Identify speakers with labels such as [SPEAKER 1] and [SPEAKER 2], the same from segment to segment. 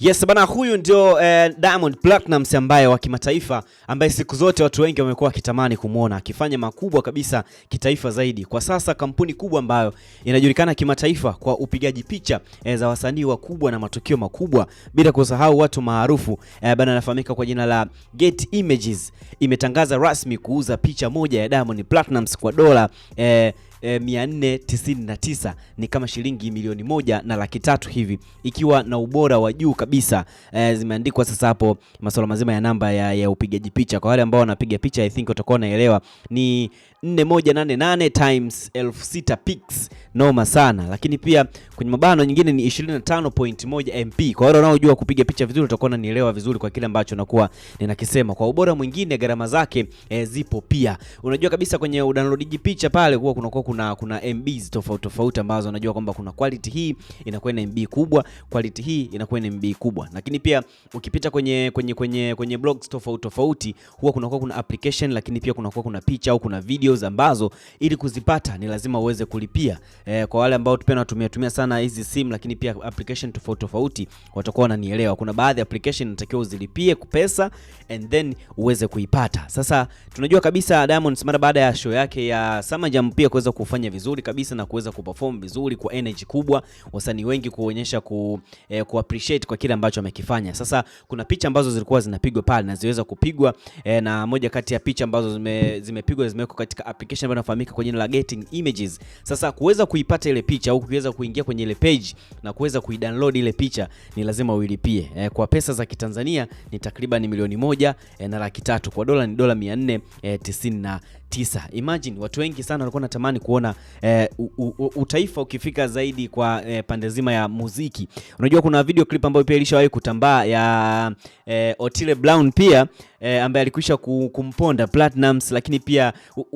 [SPEAKER 1] Yes bana, huyu ndio eh, Diamond Platnumz ambaye wa kimataifa ambaye siku zote watu wengi wamekuwa wakitamani kumwona akifanya makubwa kabisa kitaifa zaidi. Kwa sasa kampuni kubwa ambayo inajulikana kimataifa kwa upigaji picha eh, za wasanii wakubwa na matukio makubwa, bila kusahau watu maarufu eh, bana, anafahamika kwa jina la Getty Images imetangaza rasmi kuuza picha moja ya Diamond Platnumz kwa dola eh, Eh, e, 499 ni kama shilingi milioni moja na laki tatu hivi, ikiwa na ubora wa juu kabisa. E, zimeandikwa sasa hapo masuala mazima ya namba ya, ya upigaji picha. Kwa wale ambao wanapiga picha, I think utakuwa unaelewa ni 4188 times 6000 pics noma sana, lakini pia kwenye mabano nyingine ni 25.1 MP. Kwa wale wanaojua kupiga picha vizuri, utakuwa unanielewa vizuri kwa kile ambacho nakuwa ninakisema. Kwa ubora mwingine, gharama zake e, zipo pia. Unajua kabisa kwenye udownload picha pale huwa kuna kwa kuna kuna MBs tofauti tofauti ambazo unajua kwamba kuna quality hii inakuwa ina MB kubwa, quality hii inakuwa ina MB kubwa. Lakini pia ukipita kwenye kwenye kwenye kwenye blogs tofauti tofauti huwa kuna kwa kuna application, lakini pia kuna kwa kuna picha au kuna videos ambazo ili kuzipata ni lazima uweze kulipia eh, kwa wale ambao tupenda natumia tumia sana hizi simu, lakini pia application tofauti tofauti watakuwa wananielewa. Kuna baadhi ya application natakiwa uzilipie pesa and then uweze kuipata. Sasa tunajua kabisa Diamonds mara baada ya show yake ya Summer Jam pia kuweza kufanya vizuri kabisa na kuweza kuperform vizuri kwa energy kubwa, wasanii wengi kuonyesha ku, eh, ku appreciate kwa kile ambacho amekifanya. Sasa kuna picha ambazo zilikuwa zinapigwa pale na ziweza kupigwa eh, na moja kati ya picha ambazo zimepigwa zime zimewekwa katika application ambayo inafahamika kwa jina la Getting Images. Sasa kuweza kuipata ile picha au kuweza kuingia kwenye ile page na kuweza kuidownload ile picha ni lazima uilipie. E, kwa pesa za Kitanzania ni takriban milioni moja e, na laki tatu. Kwa dola ni dola 499 tisa. Imagine watu wengi sana walikuwa natamani kuona e, u, u, utaifa ukifika zaidi kwa e, pande zima ya muziki. Unajua kuna video clip ambayo pia ilishawahi kutambaa ya e, Otile Brown pia e, ambaye alikwisha kumponda Platinums, lakini pia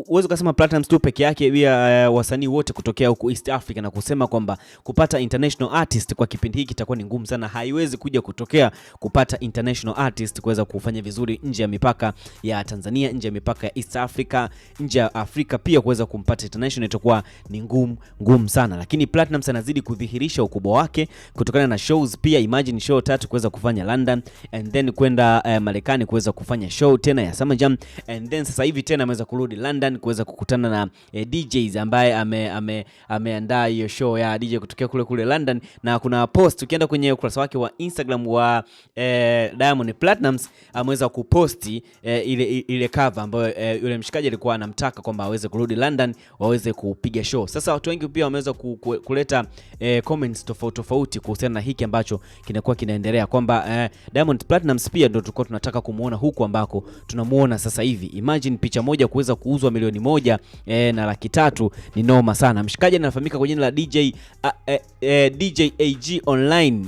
[SPEAKER 1] uwezo kusema Platinums tu peke yake, pia wasanii wote kutokea huko East Africa, na kusema kwamba kupata international artist kwa kipindi hiki itakuwa ni ngumu sana, haiwezi kuja kutokea kupata international artist kuweza kufanya vizuri nje ya mipaka ya Tanzania, nje ya mipaka ya East Africa nje ya Afrika pia kuweza kumpata international itakuwa ni ngumu ngumu sana, lakini Platnumz anazidi kudhihirisha ukubwa wake kutokana na shows pia. Imagine show tatu kuweza kufanya London and then kwenda eh, Marekani kuweza kufanya show tena ya Jam and then sasa hivi tena ameweza kurudi London kuweza kukutana na eh, DJs ambaye ame ameandaa hiyo show ya DJ kutokea kule kule London, na kuna post ukienda kwenye ukurasa wake wa Instagram wa eh, Diamond Platnumz ameweza kuposti eh, ile ile cover ambayo eh, yule mshikaji alikuwa alikuwa anamtaka kwamba aweze kurudi London waweze kupiga show. Sasa watu wengi pia wameweza kuleta eh, comments tofauti tofauti kuhusiana na hiki ambacho kinakuwa kinaendelea kwamba eh, Diamond Platnumz pia ndio tulikuwa tunataka kumuona huku ambako tunamuona sasa hivi. Imagine picha moja kuweza kuuzwa milioni moja eh, na laki tatu ni noma sana. Mshikaji anafahamika kwa jina la DJ, eh, eh, eh DJ AG online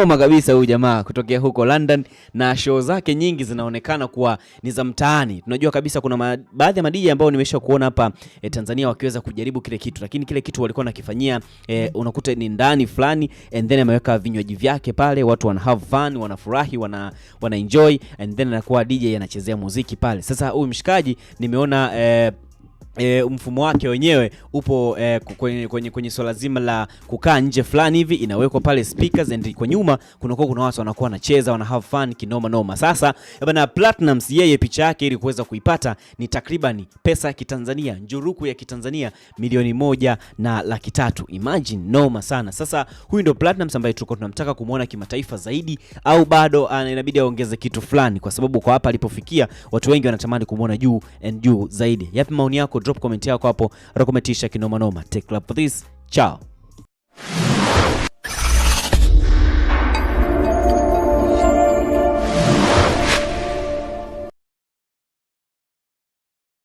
[SPEAKER 1] noma kabisa huyu jamaa kutokea huko London, na show zake nyingi zinaonekana kuwa ni za mtaani. Tunajua kabisa kuna baadhi ya madija ambao nimesha kuona hapa e, Tanzania wakiweza kujaribu kile kitu, lakini kile kitu walikuwa nakifanyia e, eh, unakuta ni ndani fulani and then ameweka vinywaji vyake pale, watu wana have fun, wanafurahi, wana, wana enjoy and then anakuwa DJ anachezea muziki pale. Sasa huyu mshikaji nimeona e, E, mfumo wake wenyewe upo e, kwenye, kwenye, kwenye swala zima la kukaa nje fulani hivi, inawekwa pale speakers and kwa nyuma kunakuwa kuna watu wanakuwa wanacheza wana have fun kinoma noma. Sasa e, bana Platinumz yeye picha yake ili kuweza kuipata ni takriban pesa ya Kitanzania njuruku ya Kitanzania milioni moja na laki tatu. Imagine noma sana. Sasa huyu ndio Platinumz ambaye tulikuwa tunamtaka kumuona kimataifa zaidi, au bado ah, inabidi aongeze kitu fulani, kwa sababu kwa hapa alipofikia watu wengi wanatamani kumuona juu and juu zaidi. Yapi maoni yako? drop comment yako hapo, nakumetisha kinoma noma. Take club for this. Ciao.